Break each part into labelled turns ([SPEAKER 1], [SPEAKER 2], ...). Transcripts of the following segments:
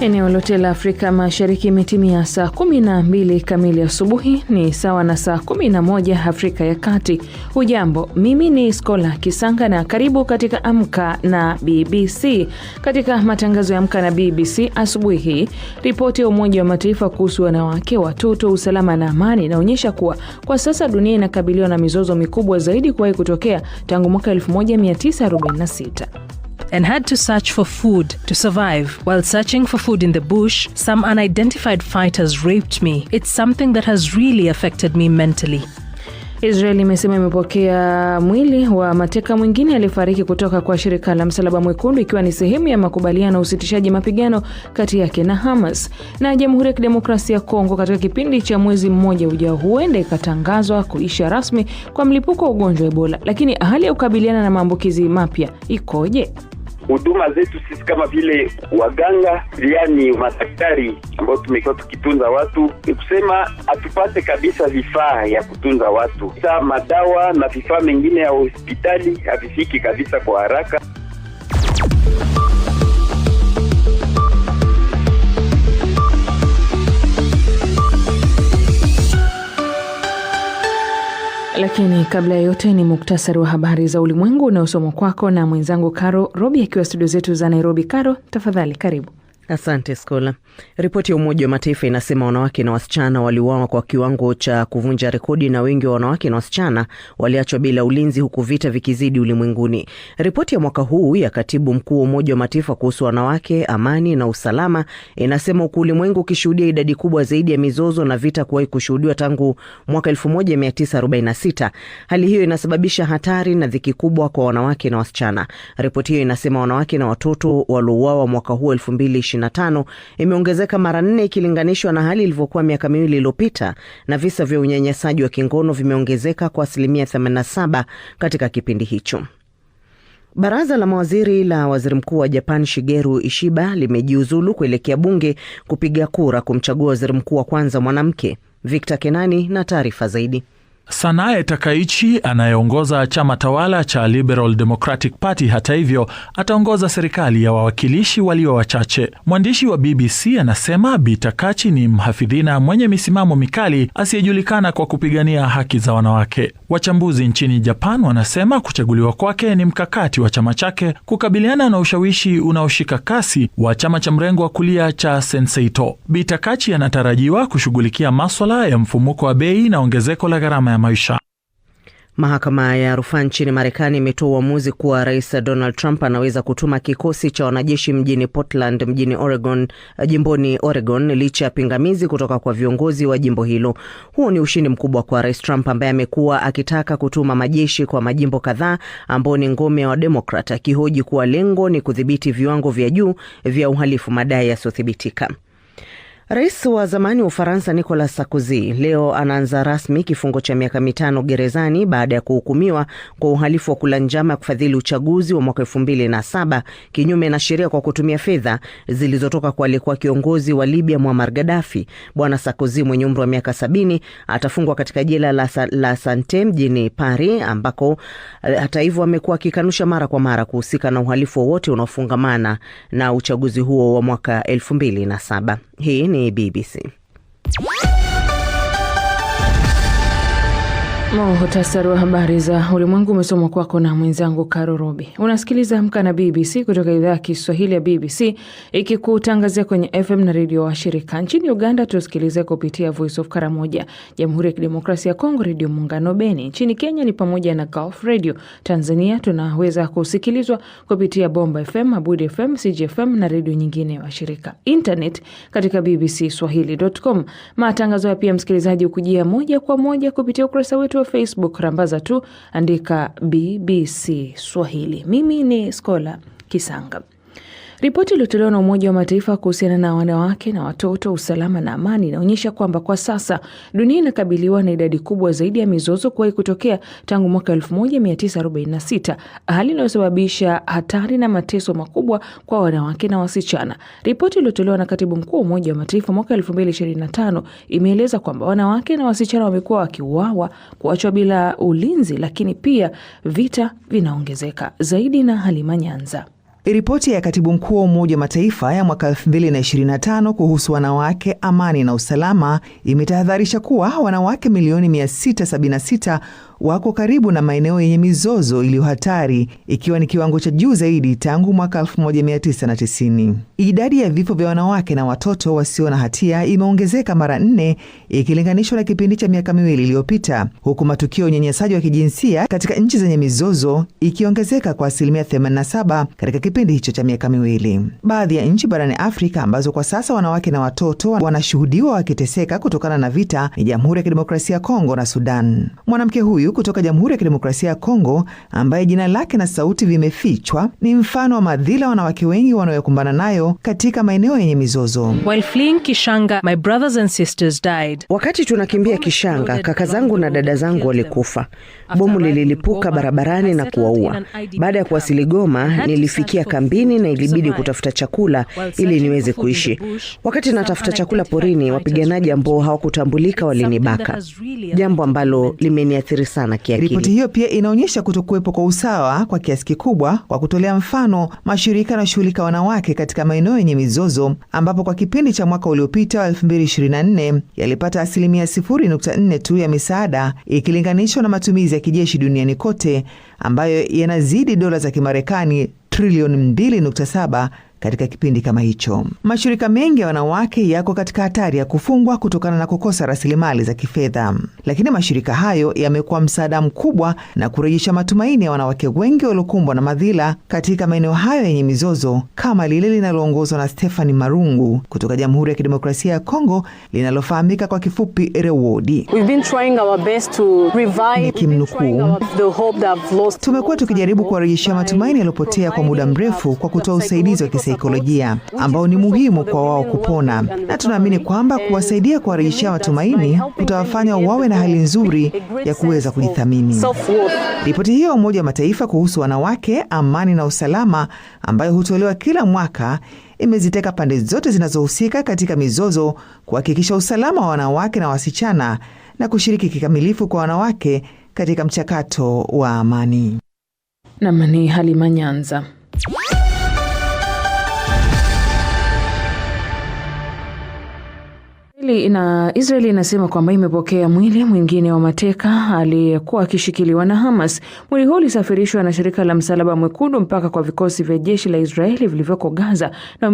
[SPEAKER 1] Eneo lote la Afrika Mashariki imetimia saa 12 kamili asubuhi, ni sawa na saa 11 Afrika ya Kati. Hujambo, mimi ni Skola Kisanga na karibu katika Amka na BBC. Katika matangazo ya Amka na BBC asubuhi hii, ripoti ya Umoja wa Mataifa kuhusu wanawake, watoto, usalama na amani inaonyesha kuwa kwa sasa dunia inakabiliwa na mizozo mikubwa zaidi kuwahi kutokea tangu mwaka 1946
[SPEAKER 2] and had to search for food to survive. While searching for food in the bush, some unidentified fighters raped me. It's something that has really affected me mentally.
[SPEAKER 1] Israeli imesema imepokea mwili wa mateka mwingine aliyefariki kutoka kwa shirika la Msalaba Mwekundu ikiwa ni sehemu ya makubaliano ya usitishaji mapigano kati yake na Hamas. Na Jamhuri ya Kidemokrasia ya Kongo katika kipindi cha mwezi mmoja ujao huenda ikatangazwa kuisha rasmi kwa mlipuko wa ugonjwa wa Ebola. Lakini hali ya kukabiliana na maambukizi mapya ikoje?
[SPEAKER 3] huduma zetu sisi kama vile waganga, yani madaktari ambao tumekuwa tukitunza watu, ni kusema hatupate kabisa vifaa ya kutunza watu. Sa madawa na vifaa mengine ya hospitali havifiki kabisa kwa haraka
[SPEAKER 1] Lakini kabla ya yote ni muktasari wa habari za ulimwengu unaosomwa kwako na mwenzangu Caro Robi akiwa studio zetu za Nairobi. Caro, tafadhali karibu.
[SPEAKER 4] Asante Skola. Ripoti ya Umoja wa Mataifa inasema wanawake na wasichana waliuawa kwa kiwango cha kuvunja rekodi na wengi wa wanawake na wasichana waliachwa bila ulinzi huku vita vikizidi ulimwenguni. Ripoti ya mwaka huu ya katibu mkuu wa Umoja wa Mataifa kuhusu wanawake, amani na usalama inasema huku ulimwengu ukishuhudia idadi kubwa zaidi ya mizozo na vita kuwahi kushuhudiwa tangu mwaka 1946, hali hiyo inasababisha hatari na dhiki kubwa kwa wanawake na wasichana. Ripoti hiyo inasema wanawake na watoto waliouawa mwaka huu 2020 2025 imeongezeka mara nne ikilinganishwa na hali ilivyokuwa miaka miwili iliyopita, na visa vya unyanyasaji wa kingono vimeongezeka kwa asilimia 87 katika kipindi hicho. Baraza la mawaziri la waziri mkuu wa Japan Shigeru Ishiba limejiuzulu kuelekea bunge kupiga kura kumchagua waziri mkuu wa kwanza mwanamke. Victor Kenani na taarifa zaidi.
[SPEAKER 5] Sanae Takaichi anayeongoza chama tawala cha Liberal Democratic Party, hata hivyo, ataongoza serikali ya wawakilishi walio wachache. Mwandishi wa BBC anasema Bi Takachi ni mhafidhina mwenye misimamo mikali asiyejulikana kwa kupigania haki za wanawake. Wachambuzi nchini Japan wanasema kuchaguliwa kwake ni mkakati wa chama chake kukabiliana na ushawishi unaoshika kasi wa chama cha mrengo wa kulia cha Senseito. Bi Takachi anatarajiwa kushughulikia maswala ya mfumuko wa bei na ongezeko la gharama ya maisha.
[SPEAKER 4] Mahakama ya rufaa nchini Marekani imetoa uamuzi kuwa rais Donald Trump anaweza kutuma kikosi cha wanajeshi mjini Portland mjini Oregon, eh, jimboni Oregon licha ya pingamizi kutoka kwa viongozi wa jimbo hilo. Huu ni ushindi mkubwa kwa rais Trump ambaye amekuwa akitaka kutuma majeshi kwa majimbo kadhaa ambao ni ngome ya Wademokrat, akihoji kuwa lengo ni kudhibiti viwango vya juu vya uhalifu madai yasiothibitika Rais wa zamani wa Ufaransa Nicolas Sarkozy leo anaanza rasmi kifungo cha miaka mitano gerezani baada ya kuhukumiwa kwa uhalifu wa kula njama ya kufadhili uchaguzi wa mwaka elfu mbili na saba kinyume na sheria kwa kutumia fedha zilizotoka kwa aliyekuwa kiongozi wa Libya Muammar Gaddafi. Bwana Sarkozy mwenye umri wa miaka sabini atafungwa katika jela la, la Sante mjini Paris, ambako eh, hata hivyo amekuwa akikanusha mara kwa mara kuhusika na uhalifu wowote unaofungamana na uchaguzi huo wa mwaka elfu mbili na saba. Hii ni BBC.
[SPEAKER 1] Muhtasari wa habari za ulimwengu umesomwa kwako na mwenzangu Karo Robi. Unasikiliza Amka na BBC kutoka idhaa ya Kiswahili ya BBC ikikutangazia kwenye FM na redio wa shirika nchini Uganda. Tusikilize kupitia Voice of Karamoja, Jamhuri ya Kidemokrasia ya Kongo redio Muungano Beni, nchini Kenya ni pamoja na Gulf Radio. Tanzania tunaweza kusikilizwa kupitia Bomba FM, Abud FM, CGFM na redio nyingine wa shirika. Internet katika BBC Swahili.com. Matangazo ya pia msikilizaji hukujia moja kwa moja kupitia ukurasa wetu wa Facebook, rambaza tu andika BBC Swahili. Mimi ni Skola Kisanga. Ripoti iliyotolewa na Umoja wa Mataifa kuhusiana na wanawake na watoto, usalama na amani inaonyesha kwamba kwa sasa dunia inakabiliwa na idadi kubwa zaidi ya mizozo kuwahi kutokea tangu mwaka 1946, hali inayosababisha hatari na mateso makubwa kwa wanawake na wasichana. Ripoti iliyotolewa na katibu mkuu wa Umoja wa Mataifa mwaka 2025 imeeleza kwamba wanawake na wasichana wamekuwa wakiuawa, kuachwa bila ulinzi, lakini pia vita vinaongezeka zaidi. Na Halima Nyanza.
[SPEAKER 4] Ripoti ya katibu mkuu wa Umoja wa Mataifa ya mwaka 2025 kuhusu wanawake, amani na usalama imetahadharisha kuwa wanawake milioni 676 wako karibu na maeneo yenye mizozo iliyo hatari, ikiwa ni kiwango cha juu zaidi tangu mwaka 1990. Idadi ya vifo vya wanawake na watoto wasio na hatia imeongezeka mara nne ikilinganishwa na kipindi cha miaka miwili iliyopita, huku matukio ya unyanyasaji wa kijinsia katika nchi zenye mizozo ikiongezeka kwa asilimia 87 katika kipindi hicho cha miaka miwili. Baadhi ya nchi barani Afrika ambazo kwa sasa wanawake na watoto wanashuhudiwa wakiteseka kutokana na vita ni Jamhuri ya Kidemokrasia ya Kongo na Sudan. Mwanamke huyu huyu kutoka Jamhuri ya Kidemokrasia ya Kongo ambaye jina lake na sauti vimefichwa ni mfano wa madhila wanawake wengi wanayokumbana nayo katika maeneo yenye mizozo.
[SPEAKER 2] While fleeing Kishanga, my brothers and sisters died.
[SPEAKER 4] Wakati tunakimbia Kishanga, kaka zangu na dada zangu walikufa. Bomu lililipuka barabarani na kuwaua. Baada ya kuwasili Goma, nilifikia kambini na ilibidi kutafuta chakula ili niweze kuishi. Wakati natafuta chakula porini, wapiganaji ambao hawakutambulika walinibaka, jambo ambalo limeniathiri sana kiakili.
[SPEAKER 1] Ripoti hiyo pia inaonyesha kutokuwepo kwa usawa kwa kiasi kikubwa, kwa kutolea mfano mashirika yanayoshughulika wanawake katika maeneo yenye mizozo, ambapo kwa kipindi cha mwaka uliopita wa 2024 yalipata asilimia 0.4 tu ya misaada ikilinganishwa na matumizi ya kijeshi duniani kote ambayo yanazidi dola za Kimarekani trilioni 2.7 katika kipindi kama hicho. Mashirika mengi ya wanawake yako katika hatari ya kufungwa kutokana na kukosa rasilimali za kifedha, lakini mashirika hayo yamekuwa msaada mkubwa na kurejesha matumaini ya wanawake wengi waliokumbwa na madhila katika maeneo hayo yenye mizozo kama lile linaloongozwa na Stephanie Marungu kutoka Jamhuri ya Kidemokrasia ya Kongo linalofahamika kwa kifupi REWORD.
[SPEAKER 6] Nikimnukuu,
[SPEAKER 1] tumekuwa tukijaribu kuwarejeshea matumaini yaliyopotea kwa muda mrefu kwa kutoa usaidizi wa kisaikolojia ambao ni muhimu kwa wao kupona, na tunaamini kwamba kuwasaidia kuwarejeshea matumaini kutawafanya wawe na hali nzuri ya kuweza kujithamini. Ripoti hiyo ya Umoja wa Mataifa kuhusu wanawake, amani na usalama, ambayo hutolewa kila mwaka imeziteka pande zote zinazohusika katika mizozo kuhakikisha usalama wa wanawake na wasichana na kushiriki kikamilifu kwa wanawake katika mchakato wa amani.
[SPEAKER 2] Nam ni Halima Nyanza.
[SPEAKER 1] Israeli, ina, Israeli inasema kwamba imepokea mwili mwingine wa mateka aliyekuwa akishikiliwa na Hamas. Mwili huo ulisafirishwa na shirika la Msalaba Mwekundu mpaka kwa vikosi vya jeshi la Israeli vilivyoko Gaza na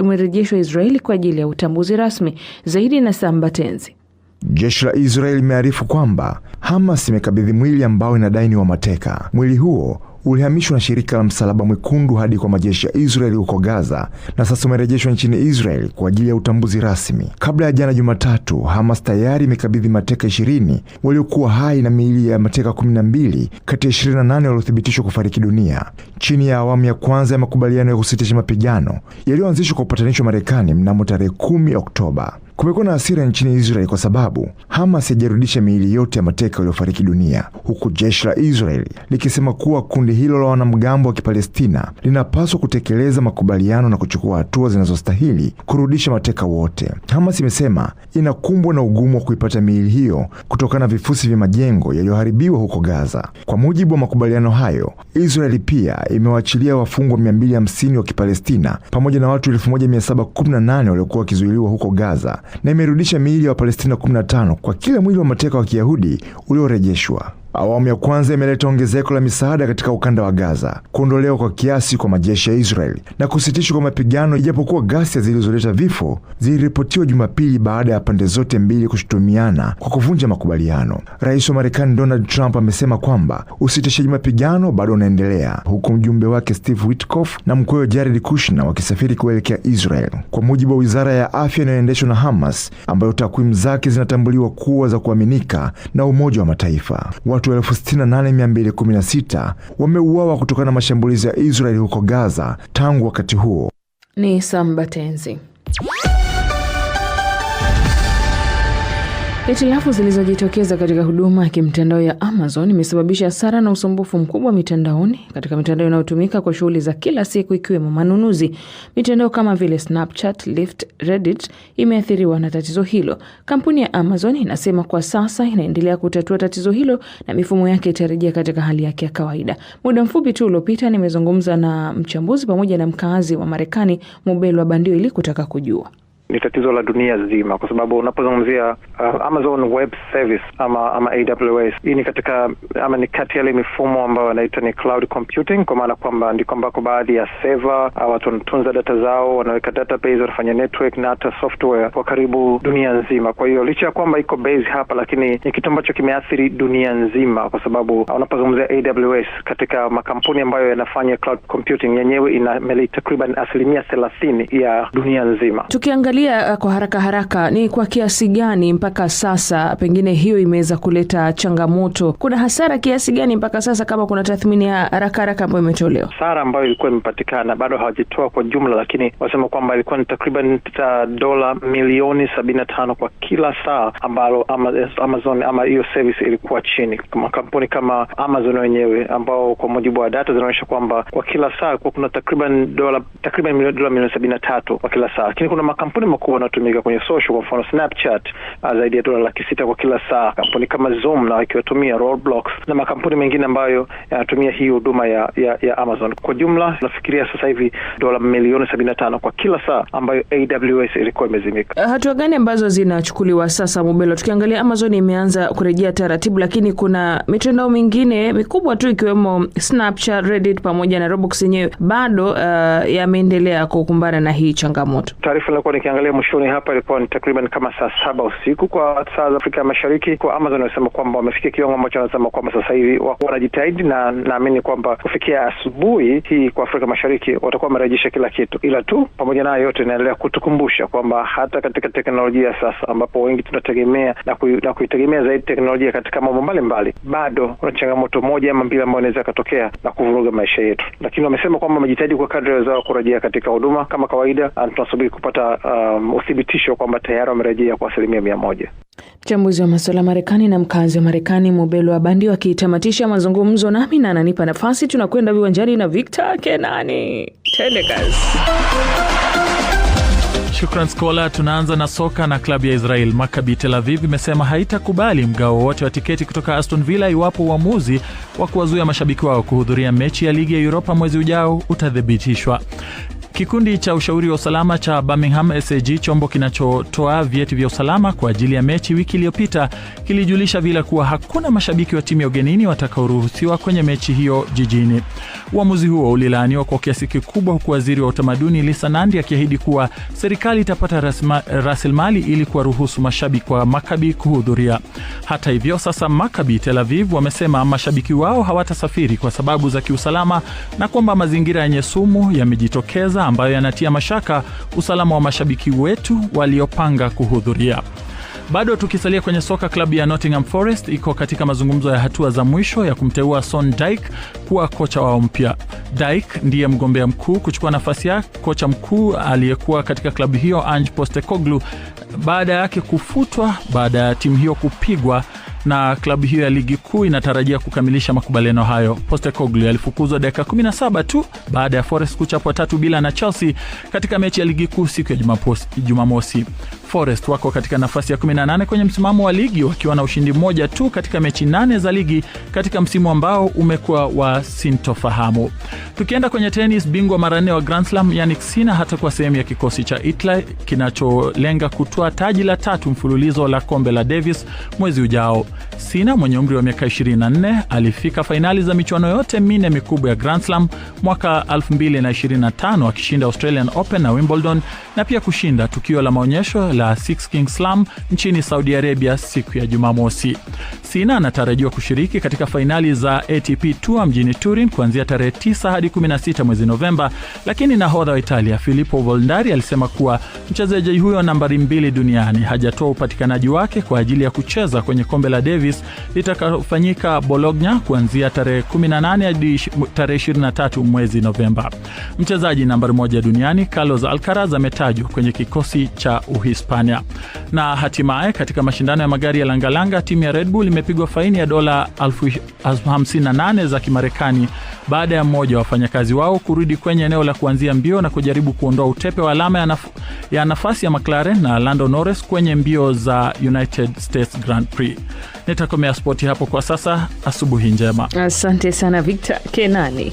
[SPEAKER 1] umerejeshwa Israeli kwa ajili ya utambuzi rasmi. Zaidi na Samba Tenzi.
[SPEAKER 7] Jeshi la Israeli limearifu kwamba Hamas imekabidhi mwili ambao inadai ni wa mateka. Mwili huo ulihamishwa na shirika la Msalaba Mwekundu hadi kwa majeshi ya Israeli huko Gaza na sasa umerejeshwa nchini Israeli kwa ajili ya utambuzi rasmi. Kabla ya jana Jumatatu, Hamas tayari imekabidhi mateka 20 waliokuwa hai na miili ya mateka 12 kati ya 28 waliothibitishwa kufariki dunia chini ya awamu ya kwanza ya makubaliano ya kusitisha mapigano yaliyoanzishwa kwa upatanishi wa Marekani mnamo tarehe kumi Oktoba. Kumekuwa na hasira nchini Israeli kwa sababu Hamas haijarudisha miili yote ya mateka waliofariki dunia, huku jeshi la Israeli likisema kuwa kundi hilo la wanamgambo wa Kipalestina linapaswa kutekeleza makubaliano na kuchukua hatua zinazostahili kurudisha mateka wote. Hamas imesema inakumbwa na ugumu wa kuipata miili hiyo kutokana na vifusi vya majengo yaliyoharibiwa huko Gaza. Kwa mujibu wa makubaliano hayo, Israeli pia imewaachilia wafungwa 250 wa Kipalestina pamoja na watu 1718 waliokuwa wakizuiliwa huko Gaza na imerudisha miili ya Wapalestina 15 kwa kila mwili wa mateka wa Kiyahudi uliorejeshwa. Awamu ya kwanza imeleta ongezeko la misaada katika ukanda wa Gaza, kuondolewa kwa kiasi kwa majeshi ya Israeli na kusitishwa kwa mapigano, ijapokuwa ghasia zilizoleta vifo ziliripotiwa Jumapili baada ya pande zote mbili kushutumiana kwa kuvunja makubaliano. Rais wa Marekani Donald Trump amesema kwamba usitishaji mapigano bado unaendelea, huku mjumbe wake Steve Witkoff na mkwewe Jared Kushner wakisafiri kuelekea Israel, kwa mujibu wa wizara ya afya inayoendeshwa na Hamas ambayo takwimu zake zinatambuliwa kuwa za kuaminika na Umoja wa Mataifa. Watu watu 68216 wameuawa kutokana na mashambulizi ya Israeli huko Gaza tangu wakati huo.
[SPEAKER 2] Ni Sambatenzi.
[SPEAKER 1] Hitilafu zilizojitokeza katika huduma ya kimtandao ya Amazon imesababisha hasara na usumbufu mkubwa mitandaoni, katika mitandao inayotumika kwa shughuli za kila siku ikiwemo manunuzi. Mitandao kama vile Snapchat, Lyft, Reddit imeathiriwa na tatizo hilo. Kampuni ya Amazon inasema kwa sasa inaendelea kutatua tatizo hilo na mifumo yake itarejea katika hali yake ya kawaida. Muda mfupi tu uliopita, nimezungumza na mchambuzi pamoja na mkaazi wa Marekani Mubelwa Bandio ili kutaka kujua
[SPEAKER 8] ni tatizo la dunia zima, kwa sababu unapozungumzia uh, Amazon Web Service ama ama AWS, hii ni katika ama ni kati yale mifumo ambayo wanaita ni cloud computing, kwa maana kwamba ndiko ambako baadhi ya seva uh, watu wanatunza data zao, wanaweka database, wanafanya network na hata software kwa karibu dunia nzima. Kwa hiyo licha ya kwamba iko base hapa, lakini ni kitu ambacho kimeathiri dunia nzima, kwa sababu uh, unapozungumzia AWS katika makampuni ambayo yanafanya cloud computing, yenyewe inamiliki takriban asilimia thelathini ya dunia nzima
[SPEAKER 1] Tukiangalia eh, kwa haraka haraka, ni kwa kiasi gani mpaka sasa pengine hiyo imeweza kuleta changamoto? Kuna hasara kiasi gani mpaka sasa, kama kuna tathmini ya haraka haraka ambayo imetolewa?
[SPEAKER 8] Hasara ambayo ilikuwa imepatikana bado hawajitoa kwa jumla, lakini wasema kwamba ilikuwa ni takriban dola milioni sabini na tano kwa kila saa ambalo Amazon ama hiyo service ilikuwa chini. Kama kampuni kama Amazon wenyewe ambao kwa mujibu wa data zinaonyesha kwamba kwa kila saa kuna takriban dola takriban dola milioni sabini na tatu kwa kila saa, lakini kuna makampuni makampuni makubwa yanayotumika kwenye social, kwa mfano Snapchat uh, zaidi ya dola laki sita kwa kila saa, kampuni kama Zoom na wakiwatumia na makampuni mengine ambayo yanatumia hii huduma ya, ya, ya Amazon. Kwa jumla nafikiria sasa hivi dola milioni sabini na tano kwa kila saa ambayo AWS ilikuwa imezimika.
[SPEAKER 1] Eh, hatua gani ambazo zinachukuliwa sasa, Mubelo? Tukiangalia Amazon imeanza kurejea taratibu, lakini kuna mitandao mingine mikubwa tu ikiwemo Snapchat, Reddit pamoja na yenyewe bado uh, yameendelea kukumbana na hii changamoto.
[SPEAKER 8] Taarifa nilikuwa ukiangalia mwishoni hapa ilikuwa ni takriban kama saa saba usiku kwa saa za Afrika ya Mashariki, kwa Amazon wanasema kwamba wamefikia kiwango ambacho wanasema kwamba sasa hivi wanajitahidi, na naamini kwamba kufikia asubuhi hii kwa Afrika Mashariki watakuwa wamerejesha kila kitu, ila tu pamoja nayo yote inaendelea kutukumbusha kwamba hata katika teknolojia sasa, ambapo wengi tunategemea na, kuitegemea zaidi teknolojia katika mambo mbalimbali, bado kuna changamoto moja ama mbili ambayo inaweza ikatokea na kuvuruga maisha yetu, lakini wamesema kwamba wamejitahidi kwa kadri wawezao kurejea katika huduma kama kawaida, ah, tunasubiri kupata uh, um, uthibitisho kwamba tayari wamerejea kwa asilimia mia moja.
[SPEAKER 1] Mchambuzi wa masuala ya Marekani na mkazi wa Marekani Mobelo wa Bandi wakitamatisha mazungumzo nami, na ananipa nafasi, tunakwenda viwanjani na Victor Kenani. Tende
[SPEAKER 9] Shukran Skola. Tunaanza na soka na klabu ya Israel Makabi Tel Aviv imesema haitakubali mgao wowote wa tiketi kutoka Aston Villa iwapo uamuzi wa kuwazuia mashabiki wao kuhudhuria mechi ya ligi ya Uropa mwezi ujao utathibitishwa. Kikundi cha ushauri wa usalama cha Birmingham SAG, chombo kinachotoa vyeti vya usalama kwa ajili ya mechi, wiki iliyopita kilijulisha vila kuwa hakuna mashabiki wa timu ya ugenini watakaoruhusiwa kwenye mechi hiyo jijini. Uamuzi huo ulilaaniwa kwa kiasi kikubwa, huku waziri wa utamaduni Lisa Nandi akiahidi kuwa serikali itapata rasilimali ili kuwaruhusu mashabiki wa makabi kuhudhuria. Hata hivyo, sasa Makabi Tel Aviv wamesema mashabiki wao hawatasafiri kwa sababu za kiusalama na kwamba mazingira yenye sumu yamejitokeza kadhaa ambayo yanatia mashaka usalama wa mashabiki wetu waliopanga kuhudhuria. Bado tukisalia kwenye soka, klabu ya Nottingham Forest iko katika mazungumzo ya hatua za mwisho ya kumteua son dik kuwa kocha wao mpya. dik ndiye mgombea mkuu kuchukua nafasi ya kocha mkuu aliyekuwa katika klabu hiyo Ange Postecoglou, baada yake kufutwa baada ya timu hiyo kupigwa na klabu hiyo ya ligi kuu inatarajia kukamilisha makubaliano hayo. Postecoglou alifukuzwa dakika 17 tu baada ya Forest kuchapwa tatu bila na Chelsea katika mechi ya ligi kuu siku ya Jumamosi. Forest wako katika nafasi ya 18 kwenye msimamo wa ligi wakiwa na ushindi mmoja tu katika mechi nane za ligi katika msimu ambao umekuwa wa sintofahamu. Tukienda kwenye tenis, bingwa mara nne wa Grand Slam Jannik Sinner kwa sehemu ya kikosi cha Italy kinacholenga kutoa taji la tatu mfululizo la kombe la Davis mwezi ujao. Sinner mwenye umri wa miaka 24 alifika fainali za michuano yote minne mikubwa ya Grand Slam mwaka 2025 akishinda Australian Open na Wimbledon na pia kushinda tukio la maonyesho la la Six Kings Slam nchini Saudi Arabia siku ya Jumamosi. Sina anatarajiwa kushiriki katika fainali za ATP Tour mjini Turin kuanzia tarehe 9 hadi 16 mwezi Novemba, lakini nahodha wa Italia Filippo Voldari alisema kuwa mchezaji huyo nambari mbili duniani hajatoa upatikanaji wake kwa ajili ya kucheza kwenye kombe la Davis litakalofanyika Bologna kuanzia tarehe 18 hadi tarehe 23 mwezi Novemba. Mchezaji nambari moja duniani Carlos Alcaraz ametajwa kwenye kikosi cha Uhispania. Hispania. Na hatimaye katika mashindano ya magari ya langalanga, timu ya Red Bull imepigwa faini ya dola 58 za Kimarekani baada ya mmoja wa wafanyakazi wao kurudi kwenye eneo la kuanzia mbio na kujaribu kuondoa utepe wa alama ya, naf ya nafasi ya McLaren na Lando Norris kwenye mbio za United States Grand Prix. Nitakomea spoti hapo kwa sasa. Asubuhi njema,
[SPEAKER 2] asante sana Victor Kenani.